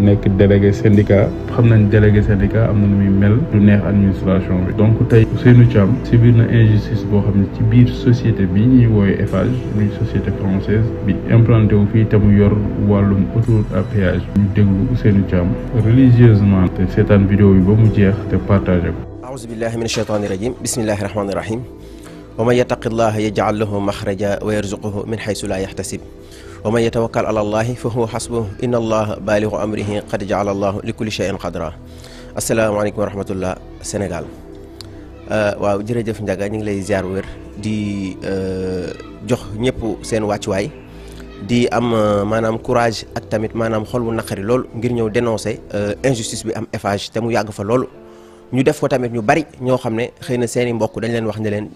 nekk délégué syndicat xam nañ délégué syndicat am na nu muy mel du neex administration bi donc tey Ousseynou Thiam subir na injustice boo xam ne ci biir société bi ñuy woowe Eiffage muy société française bi implanté wu fii te mu yor wàllum autoroute à péage ñu déglu Ousseynou Thiam religieusement te seetaan vidéo bi ba mu jeex te partagé ko aouzu billahi min ashaytani rajim bismillahi rahmani rahim wa man yattaqi llaha yaj'al lahu maxraja wa yarzuquhu min xaysu la yaxtasib ومن يتوكل على الله فهو حسبه إن الله بالغ أمره قد جعل الله لكل شيء قدرا asalaamaaleykum wa rahmatullah Sénégal waaw jërëjëf Ndiaga ñu ngi lay ziar wér di jox ñëpp seen wàccuwaay di am maanaam courage ak tamit maanaam xol bu naqari lool ngir ñëw dénoncer injustice bi am Eiffage te mu yàgg fa lool. ñu def ko tamit ñu bari ñoo xam ne xëy na seeni mbokk dañ leen wax ne leen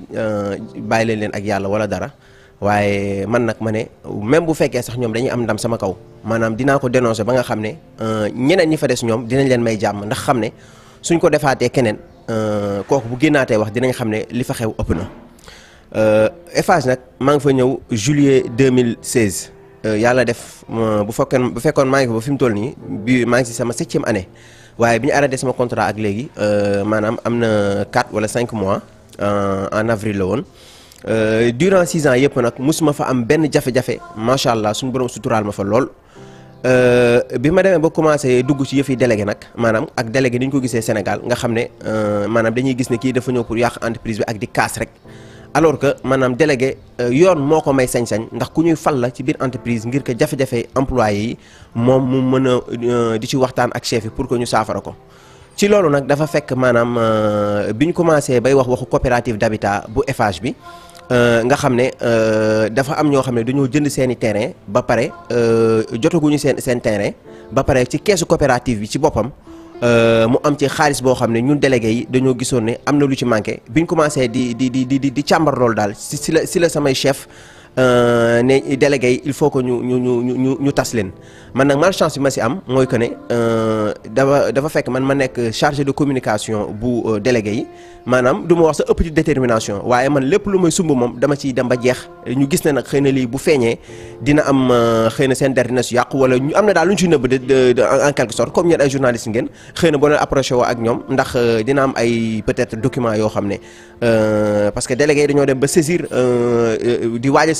bàyyi leen leen ak yàlla wala dara. waye man nak mané même bu féké sax ñom dañuy am ndam sama kaw manam dina ko dénoncer ba nga xamné ne euh, ñeneen ñi fa des ñom dinañ leen may jamm ndax xamné suñ ko défaaté defaatee keneen euh, kooku bu génnaatee wax dinañ xamné ne li fa xew ëpp na. Euh, Eiffage nak ma nga fa ñew juillet 2016 yàlla def bu fekkee bu fekkoon maa ngi fa fim toll ni bi ma ngi ci sama 7e année waye biñu ñu arrêté sama contrat ak légui euh manam amna 4 wala 5 mois en avril la woon. Euh, durant six ans yëpp nag musuma fa am benn jafe-jafe macha allah suñu borom suturaal ma fa lool. Euh, bi ma demee ba commencé dugg ci yëfi délégué nag maanaam ak délégué ni ñu ko gisee Sénégal nga xam ne euh, maanaam dañuy gis ne kii dafa ñëw pour yàq entreprise bi ak di kaas rek. alors que maanaam délégué yoon moo ko may sañ-sañ ndax ku ñuy fal la ci biir entreprise ngir ko jafe-jafe employé yi moom mu mën a di ci waxtaan ak chef yi pour que ñu saafara ko ci loolu nag dafa fekk maanaam bi ñu commencé bay wax waxu coopérative d'habitat bu Eiffage bi Euh, nga xamné euh dafa am ño xamné dañu jënd seen terrain ba pare euh, jotaguñu seen seen terrain ba paré ci caisse coopérative bi ci euh mu am ci xaalis bo xamné ñun délégué yi dañoo gisoon ne lu ci manqué biñ commencé di di di di di càmbar loolu dal si la si la samay chef euh, ne délégué il faut que ñu ñu ñu ñu ñu tas leen man nag malchance bi ma si am moy que ne euh, dafa dafa fekk man ma nekk chargé de communication bu euh, délégué manam maanaam du ma wax sa ëpp ci détermination waye man lepp lu moy sumbu mom dama ci dem ba jeex ñu gis né nak xeyna li bu feñé dina am xëy na seen der dina si wala ñu amna da luñ ci neub si nëbb de en quelque sorte comme ñeen ay journaliste ngeen xeyna bo leen approché woo ak ñom ndax dina am ay peut-être documents yo xamné euh, parce que délégué dañu dem ba saisir euh, di waaj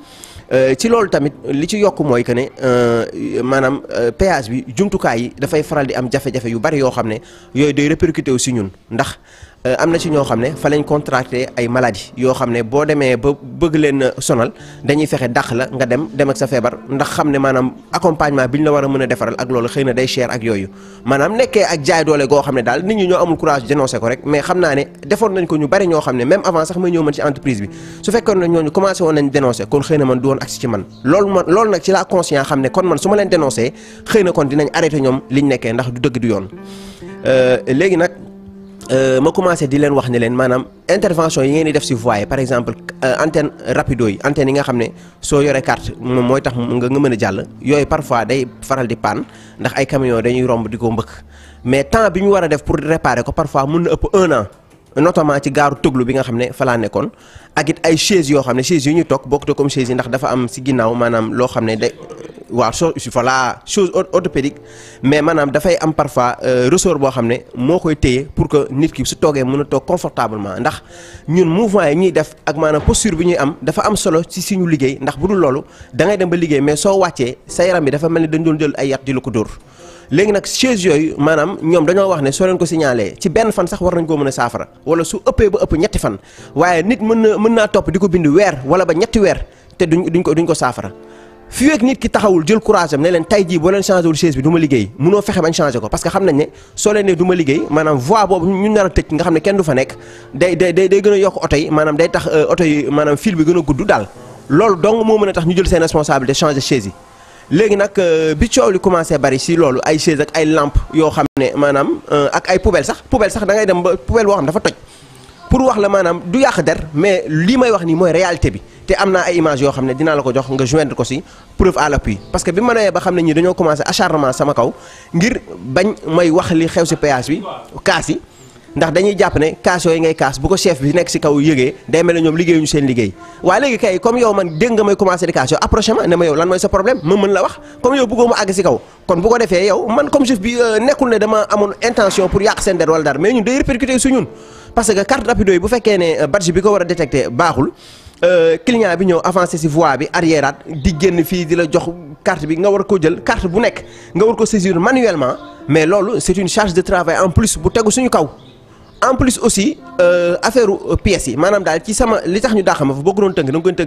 Euh, ci loolu tamit li ci yokk mooy que ne euh, maanaam euh, péage bi jumtukaay yi dafay faral di am jafe-jafe yu bari yoo xam ne yooyu day répercuté wu si ñun ndax amna ci ño xamne fa lañ contracté ay maladie yo xamne bo démé ba bëgg leen sonal dañuy fexe dakh la nga dem dem ak sa feebar ndax xamne manam accompagnement biñ la wara mëna defaral ak loolu xeyna day cher ak yoyu manam nekké ak jaay doole go xamne dal nit ñi ño amul courage dénoncer ko rek mais xamna ne defoon nañ ko ñu bari ño xamne même avant sax may ñëw man ci entreprise bi su fekkon na ñoñu commencé won nañ dénoncer kon xeyna man du won agsi ci man loolu man loolu nag ci la conscient xamne kon man suma ma leen dénoncé xëy kon dinañ arrêté ñom liñ nekké ndax du dëgg du yoon euh légui nak Euh, ma commencé di leen wax ne leen maanaam intervention yi ngeen di def si voie par exemple euh, antenne rapido yi antenne yi nga xam ne soo yore carte moom mooy tax nga nga mën a jàll yooyu parfois day faral di panne ndax ay camions dañuy romb di ko mbëkk mais temps bi ñu war a def pour réparer ko parfois mun na ëpp un an. notamment ci gaaru toglu bi nga xamné fa la nekkoon ak it ay chaises yo xamné chaises yu ñu tok bokk to comme chaises ndax dafa am si ginnaaw maanaam loo xam ne day waaw so la chose orthopédique mais manam da fay am parfois ressort bo xamné mo koy téye pour que nit ki su togué mëna tok confortablement ndax ñun mouvement yi ñuy def ak manam posture bi ñuy am dafa am solo ci suñu liggéey ndax bu dul lolu da ngay dem ba liggéey mais so waccé sa yaram bi dafa melni dañ doon jël ay yatt di la ko dóor léegi nag chaise yooyu maanaam ñoom dañoo wax ne soo leen ko signalé ci benn fan sax war nañ koo mën a saafara wala su ëppee ba ëpp ñetti fan waaye nit mën na mën naa topp di ko bind weer wala ba ñetti weer te duñ duñ ko duñ ko saafara fi weeg nit ki taxawul jël courage am ne leen tay jii boo leen changé wul chaise bi du ma liggéey munoo fexe bañ changé ko parce que xam nañ ne soo leen ne du liggéey maanaam voie boobu ñu nar a tëj nga xam ne kenn du fa nekk day day day gën maanaam day tax euh, oto yi maanaam fil bi gudd daal loolu dong moo mën a tax ñu jël seen responsabilité changé chaise yi légui nak bi coow commencé bari ci lolu ay chaise ak ay lampe yo xamné manam ak ay poubelle sax poubelle sax da ngay dem ba poubelle boo xam dafa toj pour wax la manam du yak der mais li may wax ni moy réalité bi te amna ay image yo xamné dina la ko jox nga joindre ko ci preuve à l'appui parce que bi ma nee ba xamné ñi dañoo commencé acharnement sama kaw ngir bañ may wax li xew ci péage bi kaas ndax dañuy japp ne kaas yooyu ngay kaas bu ko chef bi nekk si kaw yëgee day mel ne ñoom liggéeyuñu seen liggéey waaye léegi kay comme yow man dégg nga may commencé di kaas yow approché ma ne ma yow lan mooy sa problème ma mën la wax comme yow bëggoo mu àgg si kaw kon bu ko defee yow man comme chef bi euh, nekkul ne dama amoon intention pour yàq seen der wala dar mais ñun day répercuté su ñun parce que carte rapido yi bu fekkee ne euh, badge bi ko war a détecté baaxul euh, client bi ñëw avancé si voie bi arriéraat di génn fii di la jox carte bi nga war ko jël carte bu nekk nga war ko saisir manuellement mais loolu c'est une charge de travail en plus bu tegu suñu kaw en plus aussi euh, affaire euh, pièces yi manam dal ci sama li tax ñu ma fa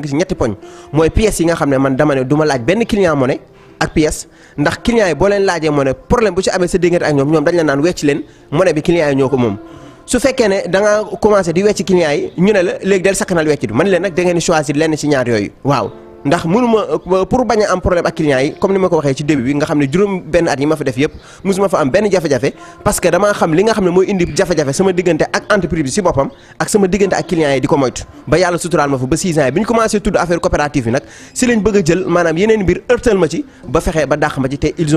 si ñetti poñ moy pièces yi nga man dama né duma laaj ben client moné ak pièce ndax client yi bo leen laajé moné problème bu ci sa ak ñom dañ la naan wécc leen bi client yi da nga commencé di client yi la ndax munuma euh, pour bañ a am problème ak clients yi comme ni ma ko waxee ci début bi nga xam ne juróom benn at yi ma fa def yëpp musuma fa am benn jafe-jafe parce que damaa xam li nga xam ne mooy indi jafe-jafe sama diggante ak entreprise bi si boppam ak sama diggante ak clients yi di ko moytu ba yàlla suturaal ma fa ba 6 ans yi bi ñu commencé tudd affaire coopérative bi nag si lañ bëgg a jël maanaam yeneen mbir ërtal ma ci ba fexe ba dàq ma te ils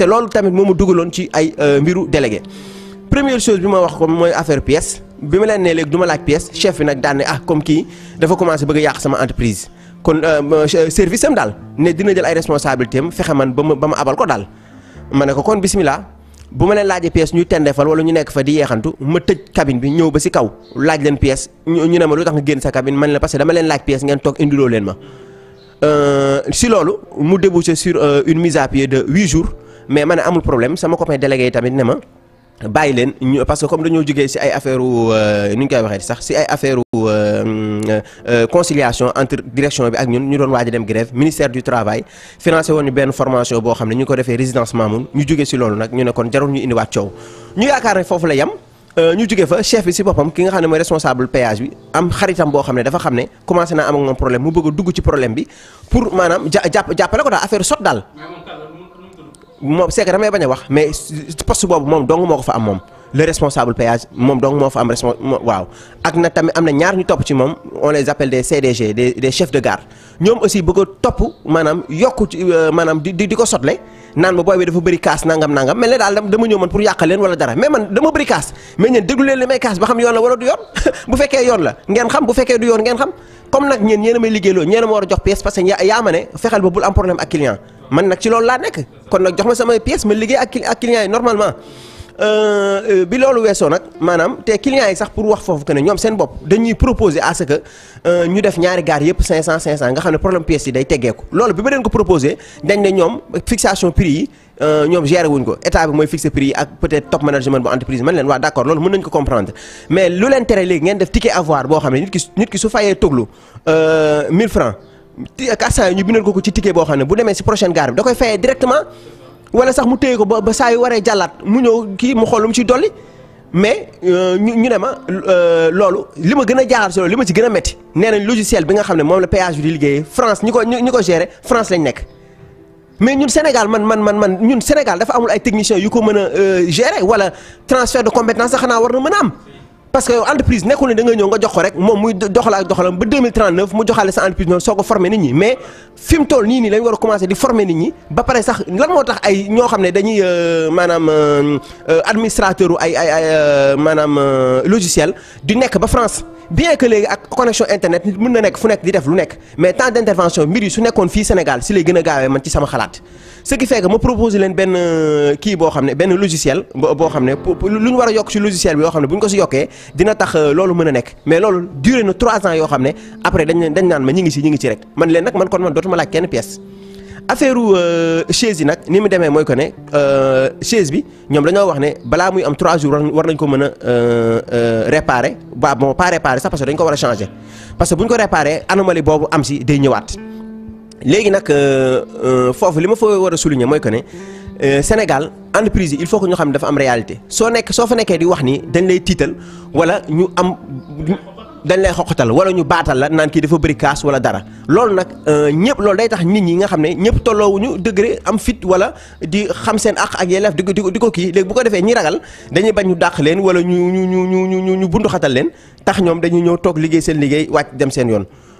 te lolou tamit momu ma ci ay euh, mbiru délégué première chose bima wax ko moy affaire pièce bima ma leen nee léegi laaj pièce chef bi nag daan ne ah comme ki dafa commencer bëgg yaax sama entreprise kon euh, euh, service am dal né dina jël ay responsabilité am fexe man ba abal ko dal mané ko kon bismillah buma len leen pièce ñu téndé fal wala ñu nekk fa di yeexantu ma tëj cabine bi ñëw ba ci kaw laaj leen pièce ñu néma ma lu tax nga génn sa cabine man la parce que dama len laaj pièce ngeen toog indiloo leen ma euh si loolu mu débouché sur une mise à pied de 8 jours mais man amul problème sama copain délégué tamit ne parce que comme nous ci ay affaire ou euh, ci affaire euh, euh, conciliation entre direction bi ak ñun ñu doon waji dem grève ministère du travail financé woni formation bo xamné ñu ko une résidence Mamoun ñu jógee ci lolu Nous ñu ne kon jarul ñu avons fait ñu Nous la ñu fa chef bi ci nous ki nga xamné moy responsable péage bi am xaritam bo xamné dafa xamné commencé na am ak problème mu bëgg dugg ci problème bi pour nous, nous ko affaire moom c'est que damay bañ wax mais poste bobu mom dong moo ko fa am mom le responsable péage mom dong mo fa am responsable waaw ak na tamit amna ñaar ñu top ci mom on les appelle des CDG des des chefs de gare ñom aussi bëgg top manam yokku ci euh, manam di di ko sotle naan ma boy bi dafa bëri casse nangam nangam melni dal dama ñëw man pour yàq leen wala dara mais man dama bëri casse mais ñeen déglu leen li may kaas ba xam yoon la wala du yoon bu féké yoon la ngeen xam bu féké du yoon ngeen xam comme nak ñeen ñeena may liggéelo ñeena mo ma war jox pièce parce que ya mané ne fexeel ba bul am problème ak client man nak ci loolu la nek kon nak jox ma samay pièces ma liggéey ak ak clients yi normalement euh, euh, bi loolu wesso nak manam té client yi sax pour wax fofu que ne ñoom seen bop dañuy proposer à ce que euh ñu def ñaari gaar yépp 500 500 nga xamné problème pièces yi day ko loolu bi ma leen ko proposer dañ né ñom fixation prix yi euh, ñom géré wuñ ko état bi mooy fixer prix ak peut-être top management bu entreprise man leen wa d'accord loolu mën nañ ko comprendre mais lu leen tere léegi ngeen def ticket avoir boo xam ne nit ki nit ki su fayé toglu euh 1000 francs ak saa ñu bindal ko ko ci ticket boo xam ne bu demee si prochaine gare bi da koy fayee directement wala sax mu téye ko ba ba saa yu waree jàllaat mu ñëw kii mu xool lu mu ci dolli mais euh, ñu ñu ne ma euh, loolu li ma gën a jaaxal si loolu li ma ci gën a métti nee nañ logiciel bi nga xam ne moom la péage bi di liggéeyee France ñi ko ñi ko gérer France lañ nekk. mais ñun Sénégal man man man man ñun Sénégal dafa amul ay techniciens yu ko mën a euh, gérer wala transfert de compétence xanaa war na mën a am. parce que entreprise nekkul ne da nga ñëw nga jox ko rek moom muy doxalaat doxalam ba 2039 mu joxaale sa entreprise non soo ko nit ñi mais film mu ni nii nii lañ war a di former nit ñi ba pare sax lan moo tax ay ñoo xam ne dañuy euh, euh, administrateur ay ay ay euh, logiciel du nekk ba France bien que les ak connexion internet nous na nekk fu nekk di def lu mais temps d' intervention mbir yi su Sénégal si lay gën a gaawee man ci sama xalaat ce qui fait que ma proposé leen ben kii boo xam ben logiciel boo xam ne lu ñu war a yokk si logiciel bi yoo xam ne bu ko dina tax euh, loolu mën a nekk mais loolu duré na trois ans yoo xam ne après dañ dañ naan ma ñi ngi ci ñi ci rek man leen nag man kon man dootuma laaj kenn pièce affaire euh, chaise yi nag ni mu demee mooy que ne euh, chaise bi ñoom dañoo wax ne balaa muy am trois jours war nañ ko mën a réparer ba bon pas réparer sax parce dañ ko war a changer parce que bu ñu ko réparer anomalie boobu am si day ñëwaat léegi nag foofu li ma fa war a souligner mooy que ne Euh, Sénégal entreprise yi il faut que ñu xam ne dafa am réalité soo nekk soo fa nekkee di wax ni dañ lay tiital wala ñu am dañ lay xoqatal wala ñu baatal la naan kii dafa bëri kaas wala dara loolu nag euh, ñëpp loolu day tax nit ñi nga xam ne ñëpp tolloowuñu degré am fit wala di xam seen àq ak yelleef di ko di ko kii léegi bu ko defee ñi ragal dañuy bañ dàq leen wala ñu ñu ñu ñu ñu ñu ñu bundu xatal leen tax ñoom dañuy ñëw toog liggéey seen liggéey wàcc dem seen yoon.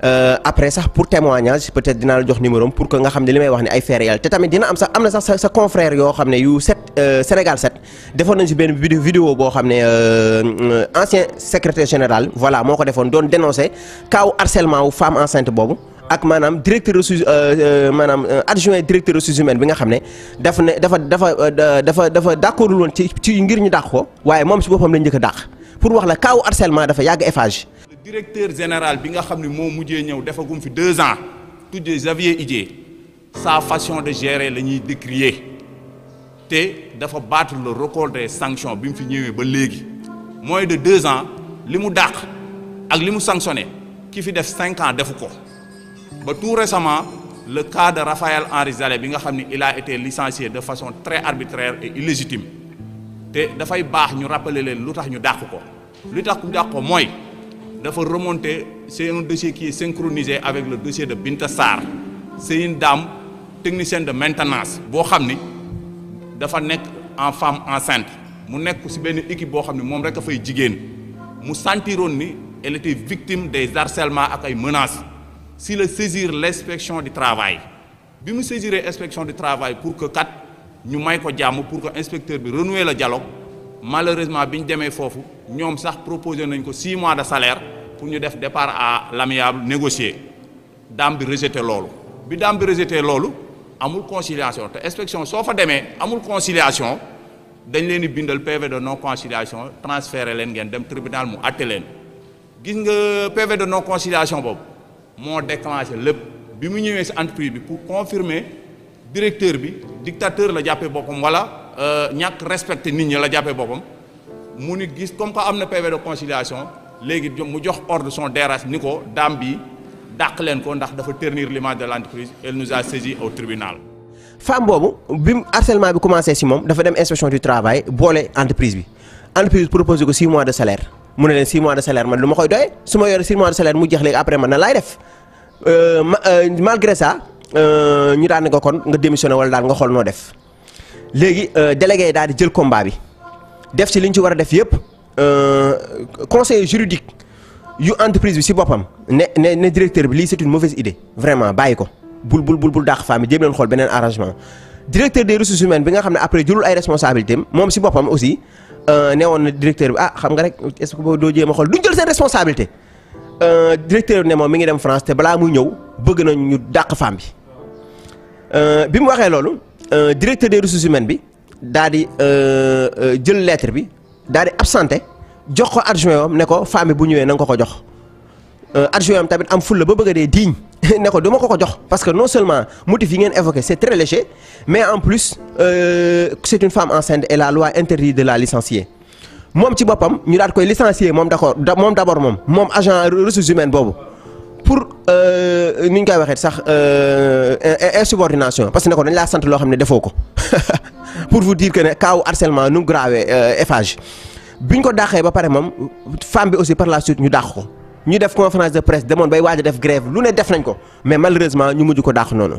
Euh, après sax pour témoignage peut-être dinaa la jox numéro pour que nga xam ne li may wax ne ay faits réels te tamit dina am sax am na sax sa sa confrère yoo xam ne yu set euh, Sénégal set defoon nañ si benn vidéo boo xam ne euh, ancien secrétaire général voilà moo ko defoon doon dénoncer kaaw harcèlement wu femme enceinte boobu. ak maanaam directeur ressources maanaam adjoint directeur ressources humaines bi nga xam ne daf ne dafa dafa dafa dafa d'accordul woon ci ci ngir ñu dàq ko waaye moom si boppam la njëkk a pour wax la kaawu harcèlement dafa yàgg Eiffage directeur général bi nga xamni mo mujjé ñew defagum fi deux ans tuddee Xavier Idié sa façon de gérer la ñuy décrier té dafa battre le record des sanctions bi mu fi ñewé ba légui moins de deux ans limu mu ak limu sanctionné ki fi def 5 ans defu ko ba tout récemment le cas de Raphaël Henri Zalé bi nga xamni il a été licencié de façon très arbitraire et illégitime da fay baax ñu rappeler leen lutax ñu dàq ko lutax ñu ko mooy faut remonter c'est un dossier qui est synchronisé avec le dossier de Bintasar, c'est une dame technicienne de maintenance Elle xamni une femme enceinte mu ci équipe ni elle était victime des harcèlements ak ay menaces si le saisir l'inspection du travail bi mu saisir l'inspection du travail pour que kat ñu may pour que inspecteur renouer le dialogue malheureusement biñ démé fofu ñom sax proposé nañ ko 6 mois de salaire pour ñu def départ à l'amiable négocier Dame bi rejeté lolu bi Dame bi rejeté loolu amul conciliation té inspection soo fa demee amul conciliation dañ leen bindal PV de non conciliation transférer leen ngeen dem tribunal mu àtte leen gis nga PV de non conciliation Bob. mo déclencher lepp bi mu ñëwé ci entreprise bi pour confirmer directeur bi dictateur la jappé boppam wala euh, ñàkk respecté nit ñi la jappé boppam mu ni gis comme que amna na PV de conciliation légui mu jox ordre son DRH niko ko bi dàq len ko ndax dafa ternir l'image de l'entreprise elle nous a saisi au tribunal. femme bobu bi harcèlement bi commencé ci mom dafa dem inspection du travail bolé entreprise bi entreprise proposé ko 6 mois de salaire mu ne leen 6 mois de salaire man luma koy doy suma ma 6 mois de salaire mu jex léegi après man na laay def euh, euh, malgré ça euh, ñu daan ne ko kon nga démissioner wala daal nga xol no def léegi euh, délégué da di jël combat bi def ci liñ ci wara def yëpp euh, conseil juridique yu entreprise bi ci bopam ne ne ne directeur bi li c'est une mauvaise idée vraiment bayiko bul bul bul bul dàq fami yi len xol benen arrangement directeur des ressources humaines bi nga xamné après jëlul ay responsabilités mom ci bopam aussi euh, ne woon directeur bi ah xam nga rek est-ce que doo jéem a xool duñ jël seen responsabilité directeur né ne mi ngi dem France te balaa muy ñew bëgg nañ ñu dàq fami euh bi mu waxee loolu. Euh, directeur des ressources humaines bi daal euh, euh, jël lettre bi daal absenté jox ko adjoint am ne ko famille bu ñëwee na nga ko ko jox euh, adjoint am tamit am ba bëgg a dee ne ko duma ko ko jox parce que non seulement motif yi ngeen évoqué c'est très léger mais en plus euh, c'est une femme enceinte et la loi interdit de la licencier mom ci bopam ñu daal koy licencier mom d'accord, mom d'abord, mom mom agent ressources humaines bobu pour euh, ni ñu koy waxee sax euh, insubordination parce que ne ko dañ laa sant loo xam ne pour vous dire que ne cas harcèlement nous grave euh, Eiffage bi ñu ko dàqee ba pare moom femme bi aussi par la suite ñu Nous ko ñu def conférence de presse demoon bay waaj a def grève lu ne def nañ ko mais malheureusement ñu mujj ko dàq noonu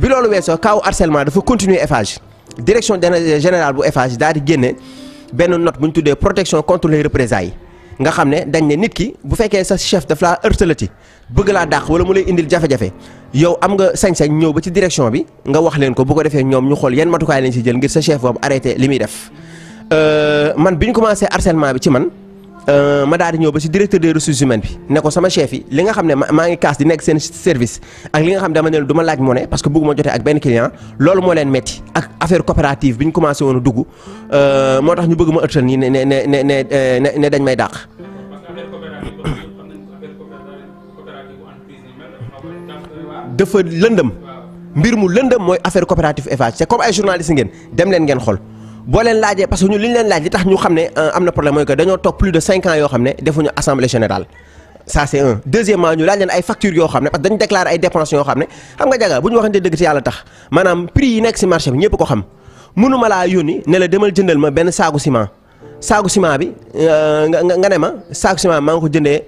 bi loolu weesoo cas harcèlement dafa continuer Eiffage direction générale bu FH daal di génne note bu ñu protection contre les représailles nga xam ne dañ ne nit ki bu fekkee sa chef daf laa ërtalati bëgg laa dàq wala mu lay indil jafe-jafe yow am nga sañ-sañ ñëw ba ci direction bi nga wax leen ko bu ko defee ñoom ñu xool yan matukaay lañ si jël ngir sa chef boobu arrêté li muy def euh, man bi ñu commencé harcèlement bi ci man ma daal di ñëw ba ci directeur des ressources humaines bi ne ko sama chef yi li nga xam ne maa ngi kaas di nekk seen service ak li nga xam dama ne du ma laaj monnaie parce que bëgguma jote ak benn client loolu moo leen metti ak affaire coopérative bi ñu commencé woon a dugg moo tax ñu bëgg ma ëttal nii ne ne ne ne ne dañ may dàq. dafa lëndëm. mbir mu lëndëm mooy affaire coopérative Eiffage c'est comme ay journalistes ngeen dem leen ngeen xool. boo leen laajee parce que ñu li ñu leen laaj li tax ñu xam ne euh, am na problème mooy que dañoo toog plus de cinq ans yoo xam ne defuñu assemblée générale ça c'est un deuxièmement ñu laaj leen ay factures yoo xam ne parce que dañu déclaré ay dépenses yoo xam ne xam nga jaga bu ñu waxante dëgg ci yàlla tax maanaam prix yi nekk ci marché bi ñëpp ko xam mënuma laa yónni ne demal jëndal ma benn saagu ciment saagu ciment bi euh, nga ne ma saagu ciment maa ngi ko jëndee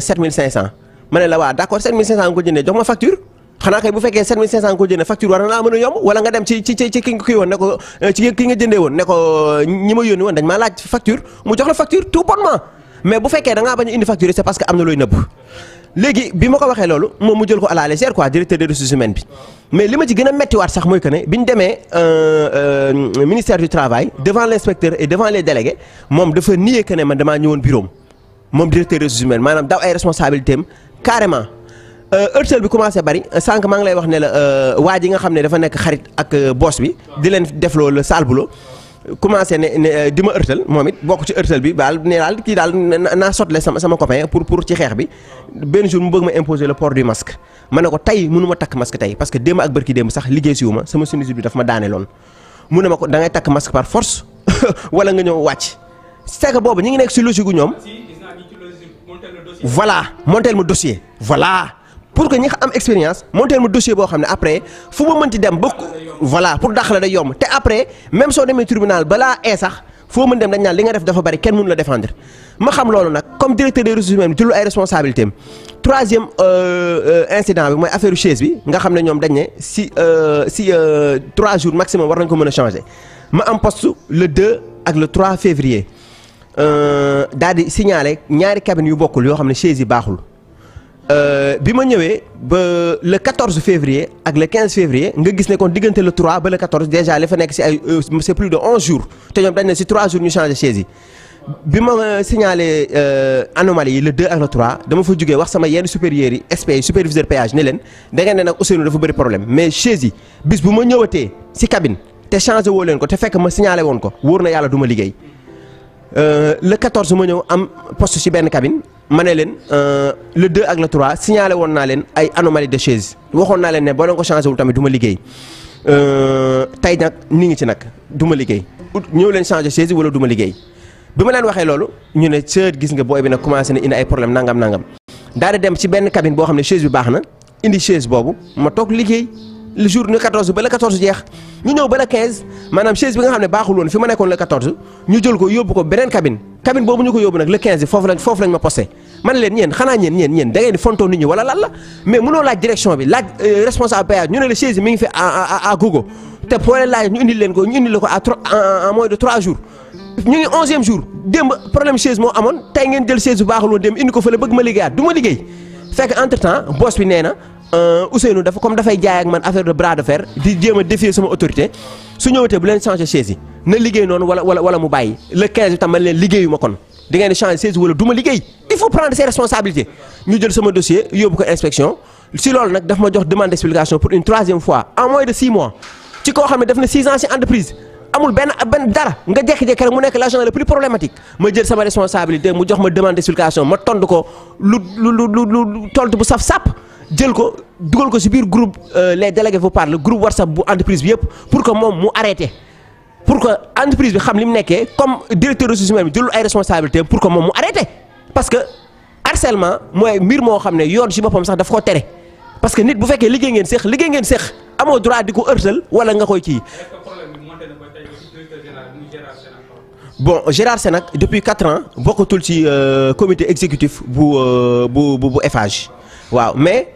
7500 euh, ma ne la waa d'accord nga ko jëndee jox xanaa kay bu fekkee 7500 ko jëndee facture war na laa mën a yomb wala nga dem ci ci ci ki nga kii woon ne euh, ci ki nga jëndee woon ne euh, ñi ma yónni woon dañ maa laaj facture mu jox la facture tout bonnement mais bu fekkee da ngaa a indi facture c'est parce que am na looy nëbb léegi bi ma ko waxee loolu moom mu jël ko à la légère quoi directeur des ressources humaines bi mais li ma ci gën a méttiwaat sax mooy que ne bi ñu demee euh, ministère du travail moom dafa nier que ne man damaa ñëwoon bureau moom directeur des ressources humaines maanaam daw ay responsabilités am Euh, heurtel bi commencé bari euh, sank maa ngi lay wax ne la euh, waa nga xamne dafa nek xarit ak boss bi di def lo le sal boulot commencé ne dima di momit bok ci heurtel bi bal ne daal kii daal naa sotle sama sama copain pour pour ci xex bi ben jour mu beug ma imposer le port du masque ma ne ko tey mënu ma masque tay parce que dem ak barki dem sax liggéey siwu ma sama sinusite bi dafa ma dané lon mu ko da ngay tak masque par force wala nga ñëw wacc c'est bobu ñi ngi nek ci logique ñom voilà montel ma dossier voilà pour que ñi nga expérience monter ma dossier boo xam après fu ma mënti dem ba voilà pour dàq la day yomb te après même soo demee tribunal balaa ee sax foo mën dem dañ naan li nga def dafa bari kenn mënu défendre ma xam loolu nag comme directeur des ressources humaines jëlul ay responsabilité am euh, euh, incident bi mooy affaire chaise bi nga xam ne ñoom dañ ne si euh, si euh, trois jours maximum war nañ ko mën a changer ma am poste le 2 ak le 3 février Euh, di signaler ñaari cabines yu bokkul yoo xam ne chaise yi baaxul. Euh, le 14 février ak le 15 février nous gis qu'on kon le 3 et le 14 déjà euh, c'est plus de 11 jours Nous avons dañ 3 jours ñu changé chez nous. Euh, signalé anomalie le 2 et le 3 dama fa wax sama SP superviseur péage il problème mais chez bis bu ma cabine changé ko le 14 ma ñëw am poste ci cabine. ma ne leen euh, le 2 ak le 3 signalé woon naa leen ay anomalie de chaise waxoon naa leen ne boo leen ko changé wul tamit du ma liggéey euh, tey nag ni ngi ci nag du ma liggéey ñëw leen changé chaise wala du liggéey bi ma leen waxee loolu ñu ne sër gis nga booy bi nag commencé na indi ay problème nangam nangam daal di dem ci benn cabine boo xam ne chaise bi baax na indi chaise boobu ma toog liggéey le jour le 14 ba le 14 jeex ñu ñëw ba le 15 maanaam chaise bi nga xam ne baaxul woon fi ma nekkoon le 14 ñu jël ko yóbbu ko beneen cabine. cabine bobu ñuko ko nak le 15 fofu lañ fofu lañ ma posté man leen ñen xana ñen ñen ñen da ngeen di fonto nit ñi wala lan la mais mëno laaj direction bi laaj euh, responsable péage ñu ne le chaise mi ngi fi à à gogo té boo leen laaj ñu indil leen ko ñu indil la ko à trois en moins de 3 jours. ñu ngi 11e jour démb problème chaise mo amone tay ngeen jël chaise bu baax lu dem indi ko fele bëgg ma liggéeyaat duma ma liggéey fekk entre temps boss bi nee euh, Ousseynou dafa comme dafay jaay ak man affaire de bras de fer di jema défier sama autorité su ñëwatee bu len changer chaise yi na liggéey noonu wala wala wala mu bàyyi le 15 tam man len liggéeyu kon di ngeen changer chaise wala duma liguey il faut prendre ses responsabilités ñu jël sama dossier yóbbu ko inspection si lool nak daf ma jox demande d'explication pour une troisième fois en moins de 6 mois ci ko xam ne daf na 6 ans ci entreprise. amul ben ben dara nga jékki-jékki rek mu nekk l'agent le plus problématique ma jël sama responsabilité mu jox ma demande d'explication ma tond ko lu lu lu lu tontu bu saf sap jël ko dougal ko ci biir groupe euh, les délégués vous parlent groupe whatsapp bu entreprise bi yëpp pour que moom mu arrêté pour que entreprise bi xam li mu nekkee comme directeur ressources humaines bi jëlul ay responsabilité pour que moom mu arrêté parce que harcèlement mooy mbir moo xam ne yoon si boppam sax daf ko tere parce que nit bu fekkee liggéey ngeen séq liggéey ngeen séq amoo droit di ko ërtal wala nga koy kii. bon Gérard Senac depuis quatre ans bokkatul ci euh, comité exécutif euh, bu bu bu Eiffage waaw mais.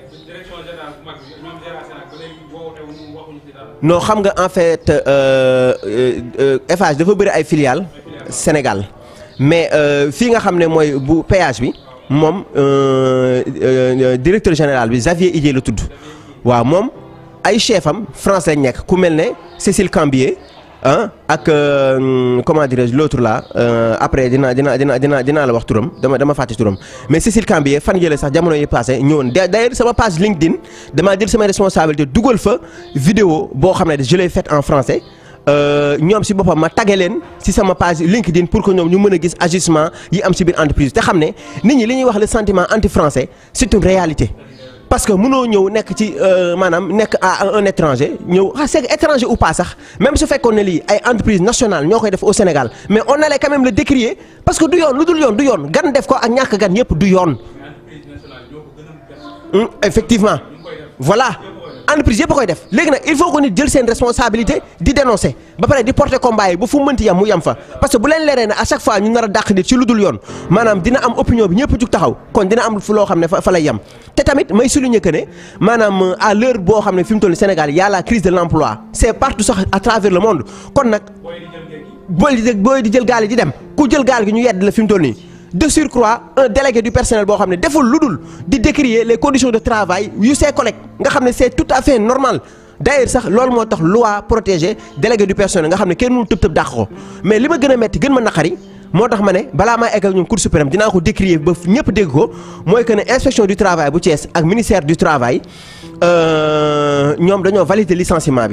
non xam nga en fait euh, euh, Eiffage dafa bëri ay filiale Sénégal mais euh, fii nga xam ne mooy bu péage bi moom directeur général bi Xavier Idié la tudd waaw moom ay chef am France lañ nekk ku mel ne Cécile Cambier ah ak euh, comment dirais-je l'autre là euh, après dina dina dina dina dina la wax turam dama dama fàtte turam mais Cécile Cambier fan yele sax jamono yi passé ñewon d'ailleurs sama page LinkedIn dama jël sama responsabilité dugal fa vidéo bo xamné je l'ai faite en français euh, ñoom ci bopam ma tagué len ci sama page LinkedIn pour que ñom ñu mëna gis agissement yi am ci biir entreprise te xamné nit ñi li ñuy wax le sentiment anti-français c'est une réalité parce que nous ñëw pas ci euh, à un étranger ñëw ah, c'est étranger ou pas sax même su fait qu'on lii ay entreprise nationale ñokay def au Sénégal mais on allait quand même le décrier parce que du yoon lu dul yoon du yoon gan def ko ak ñak gan du yoon hum, effectivement voilà entreprise yëpp koy def léegi nag il faut qu'on nit jël sen responsabilité di dénoncer ba paré di porter combat bu fu mënti yam mu yam fa parce que bu len léré ne à chaque fois ñu nar a dàq nit ci luddul yoon dina am opinion bi ñëpp jug taxaw kon dina am fu lo xamné fa lay yam té tamit may souligner que ne maanaam euh, à l'heure bo xamné ne fi Sénégal y a la crise de l'emploi c'est partout sax à travers le monde kon nak boy di jël gaal yi di dem ku jël gal gi ñu yedd la fi mu de surcroît un délégué du personnel bo xamné les conditions de travail You ses collègues nga c'est tout à fait normal d'ailleurs sax lool motax loi protéger délégué du personnel nga xamné kenn mais lima que metti gën ma ma ne ñun que inspection du travail bu Thiès ministère du travail euh, ñom dañoo valider licenciement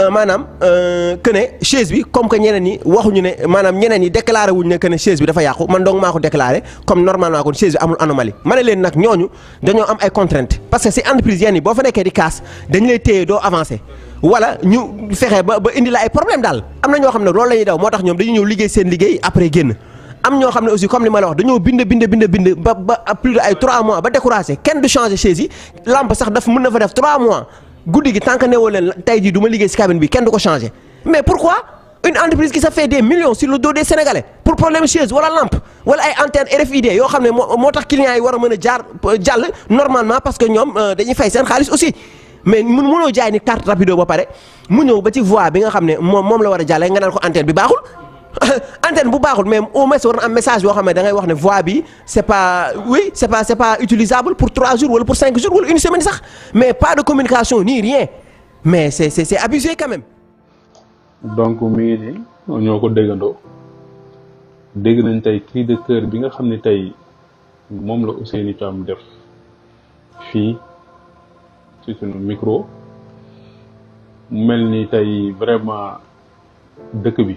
euh, maanaam euh, que ne chaise bi comme que ñeneen ni waxu ñu ne manam ñeneen ni déclarer wuñ ne que ne chaise bi dafa yàqu man donc mako déclarer comme normalement kon chaise bi amul anomalie mané len nak ñoñu ñooñu dañoo am ay contraintes parce que si entreprise yenn bo fa nekkee di casse dañ lay téyé do avancer wala ñu fexé ba ba indi la ay problème dal am na ñoo xam ne loolu daw motax ñom dañu ñew liggéey seen liggéey après génn am ño xam aussi comme li ma la wax dañoo bind bind bind bind ba ba plus de ay 3 mois ba décourager kenn du changer chaise yi lampe sax daf mëna fa def 3 mois. Goudi gi tant que newoo leen tey du ma liggéey si cabine bi kenn du mais pourquoi une entreprise qui se fait des millions sur le dos des sénégalais pour problème chaise wala lampe wala ay antenne RFID yo xam ne moo moo tax yi war a mën euh, normalement parce que ñoom euh, dañuy fay seen xaalis aussi mais mun mënoo jaay ni carte rapide ba pare mu ñëw ba ci voie bi nga xam ne moom la war a nga naan ko antenne bi antenne bu baaxul mais au moins war na am message yoo xam ne da ngay wax ne voix bi c'est pas oui c'est pas c'est pas utilisable pour 3 jours wala pour 5 jours wala une semaine sax mais pas de communication ni rien mais c'est c'est c'est abusé quand même. donc mi ngi nii ñoo ko déggandoo dégg nañ tey cri de cœur bi nga xam ne tey moom la Ousseynou Thiam def fii ci sunu micro mu mel ni tey vraiment dëkk bi.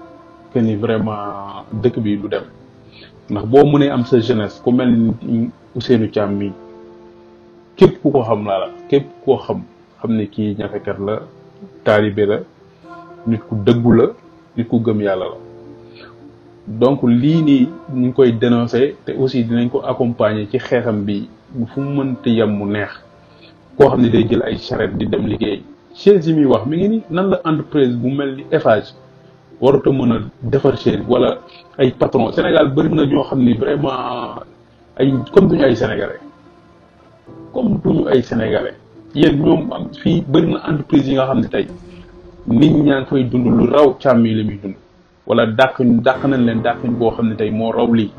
que ni vraiment dëkk bi du dem ndax boo mënee am sa jeunesse ku mel ni Ousseynou Thiam mi képp ku ko xam laa la képp koo xam xam ne kii ñafekat la taalibe la nit ku dëggu la nit ku gëm yàlla la donc lii nii ñu ngi koy dénoncer te aussi dinañ ko accompagner ci xeexam bi fu mu mënti yem mu neex koo xam ne day jël ay charrette di dem liggéey chaise yi wax mi ngi ni nan la entreprise bu mel ni Eiffage warut a mën a defar chaîne wala ay patron Sénégal bëri na ñoo xam ni vraiment ay comme duñu ay sénégalais comme duñu ay sénégalais yéen ñoom am fii bëri na entreprise yi nga xam ne tey nit ñaa ngi fay dund lu raw càmm yi la muy dund wala dàq dàq nañ leen dàq boo xam ne tey moo raw lii.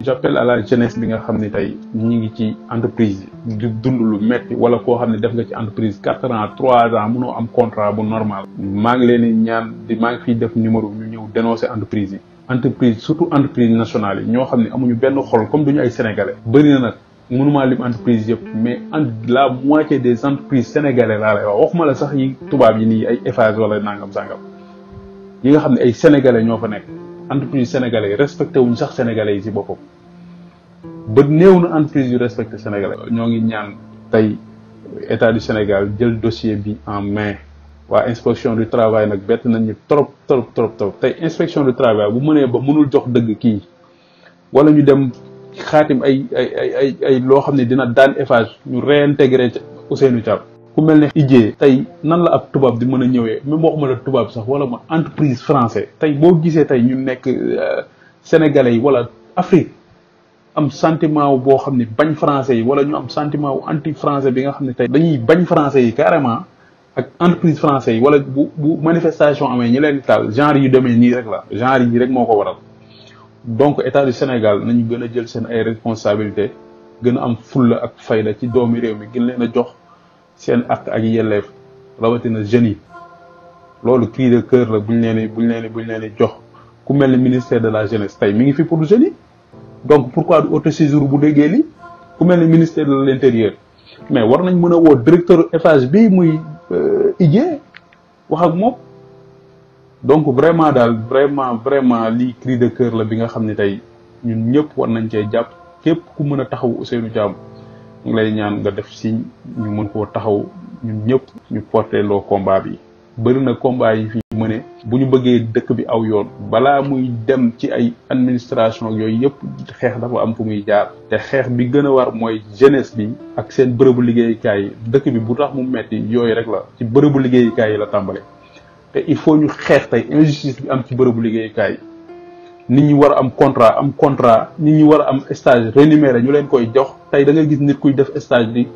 j'appelle à la jeunesse bi nga xam ne tey ñi ngi ci entreprise di dund lu metti wala koo xam ne def nga ci entreprise quatre ans trois ans mënoo am contrat bu normal maa ngi leen di ñaan di maa ngi fiy def numéro ñu ñëw dénoncer entreprise yi entreprise surtout entreprise nationale yi ñoo xam ne amuñu benn xol comme duñu ay sénégalais bëri nag mënumaa lim entreprise yëpp mais entre la moitié des entreprises sénégalais laa lay waxuma la sax yi tubaab yi nii ay Eiffage wala nangam sangam yi nga xam ne ay sénégalais ñoo fa nekk entreprise sénégalais respecté wuñ sax sénégalais ci boppam ba néew na entreprise yu respecté sénégalais ñoo ngi ñaan tey état du sénégal jël dossier bi en main waa inspection du travail nag bett nañ ñu trop trop trop trop tey inspection du travail bu mënee ba mënul jox dëgg kii wala ñu dem xaatim ay ay ay ay ay loo xam ne dina daan effage ñu réintégré Ousseynou Thiam ku mel ne Idjé tey nan la ab tubaab di mën a ñëwee même waxuma la tubaab sax wala ma entreprise français tey boo gisee tey ñu nekk euh, sénégalais yi wala Afrique am sentiment boo xam ne bañ français yi wala ñu am sentiment wu anti français bi nga xam ne tey dañuy bañ français yi carrément ak entreprise français yi wala bu bu manifestation amee ñu leen taal genre yu demee nii rek la genre yi rek moo ko waral donc état du Sénégal nañu gën a jël seen ay responsabilité gën a am fulla ak fayda ci doomi réew mi gën a jox seen ak ak yelleef rawatina jeunes yi loolu cri de cœur la buñ leen buñ leen buñ leen jox ku mel ni ministère de la jeunesse tey mi ngi fi pour jeunes yi donc pourquoi du auto-saisir bu déggee li ku mel ni ministère de l' intérieur mais war nañ mën a woo directeur Eiffage bi muy euh, Idjé wax ak moom donc vraiment daal vraiment vraiment lii cri de cœur la bi nga xam ni tey ñun ñëpp war nañ cee jàpp képp ku mën a taxaw Ousseynou Thiam ngi lay ñaan nga def signe ñu mën koo taxaw ñun ñëpp ñu porté loo combat bi bëri na combat yi fi mu ne bu ñu bëggee dëkk bi aw yoon balaa muy dem ci ay administration yooyu yëpp xeex dafa am fu muy jaar te xeex bi gën a war mooy jeunesse bi ak seen bërëbu liggéeyukaay yi dëkk bi bu tax mu metti yooyu rek la ci bërëbu liggéeyukaay yi la tàmbale te il faut ñu xeex tey injustice bi am ci bërëbu liggéeyukaay nit ñi war am contrat am contrat nit ñi war am stage rémunéré ñu leen koy jox tay da nga gis nit kuy def stage di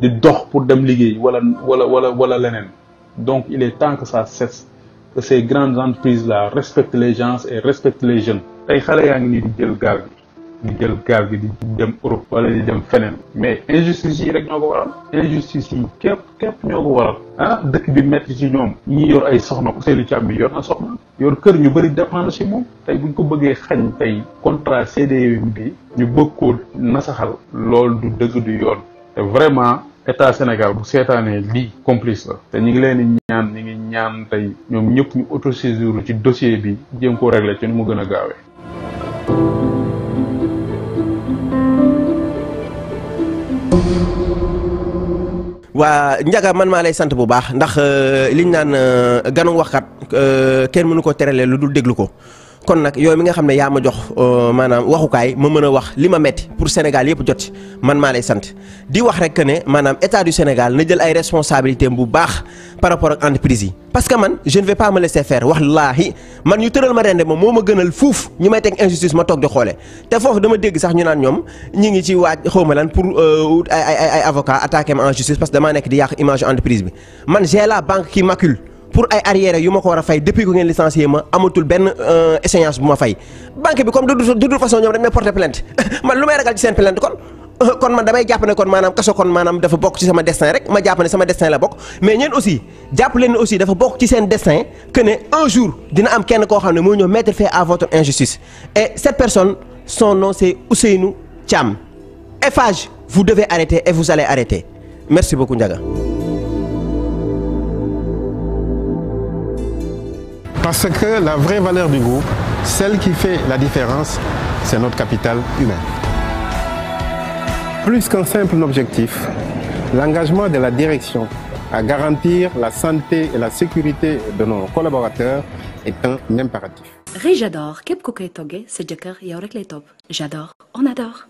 di dox pour dem liggéey wala wala wala wala leneen donc il est temps que ça cesse que ces grandes entreprises là respectent les gens et respectent les jeunes tay xalé yaa ngi ni di jël gaal ñu jël gaal gi di dem Europe wala di dem feneen mais injustice yi rek ñoo ko waral injustice yi képp képp ñoo ko waral ah dëkk bi metti ci ñoom ñi yor ay soxna ko seeni càmm bi yor na soxna yor kër ñu bëri dépendre ci moom tey buñ ko bëggee xañ tey contrat CDI e bi ñu bëgg koo nasaxal lool du dëgg du yoon te vraiment état Sénégal bu seetaanee lii complice la te ñu ngi leen ñaan ñu ngi ñaan tey ñoom ñëpp ñu autosaisir ci dossier bi jéem koo régler ci nu mu gën a gaawee waa Ndiaga man maa lay sant bu baax ndax euh, liñ naan euh, ganu waxkat euh, kenn mënu ko terale lu dul déglu ko kon pas yoy mi nga xamné ne me manam waxu kay ma euh, wax metti pour Sénégal Je jot man que lay sante di wax rek que ne état du Sénégal na jël ay responsabilités bu par rapport ak entreprise parce que man je ne vais pas me laisser faire wallahi man ñu ma me gënal fouf ñu may injustice ma tok di xolé té dama dégg sax ñu nan ñom ñi ngi en justice parce que di j'ai la banque qui pour ay arrière yu ma ko war fay depuis que ngeen licencié ma amatul ben échéance bu ma fay banque bi comme de toute façon ñom dañ may porter plainte man lumay ragal ci sen plainte kon euh, kon man damay japp ne kon manam kasso kon manam dafa bok ci sama destin rek ma japp ne sama destin la bok mais ñen aussi japp len aussi dafa bok ci sen destin que ne un jour dina am kenn ko xam mo ñow mettre fin à votre injustice et cette personne son nom c'est Ousseynou Cham. Eiffage vous devez arrêter et vous allez arrêter merci beaucoup Ndiaga Parce que la vraie valeur du groupe, celle qui fait la différence, c'est notre capital humain. Plus qu'un simple objectif, l'engagement de la direction à garantir la santé et la sécurité de nos collaborateurs est un impératif. J'adore. J'adore. On adore.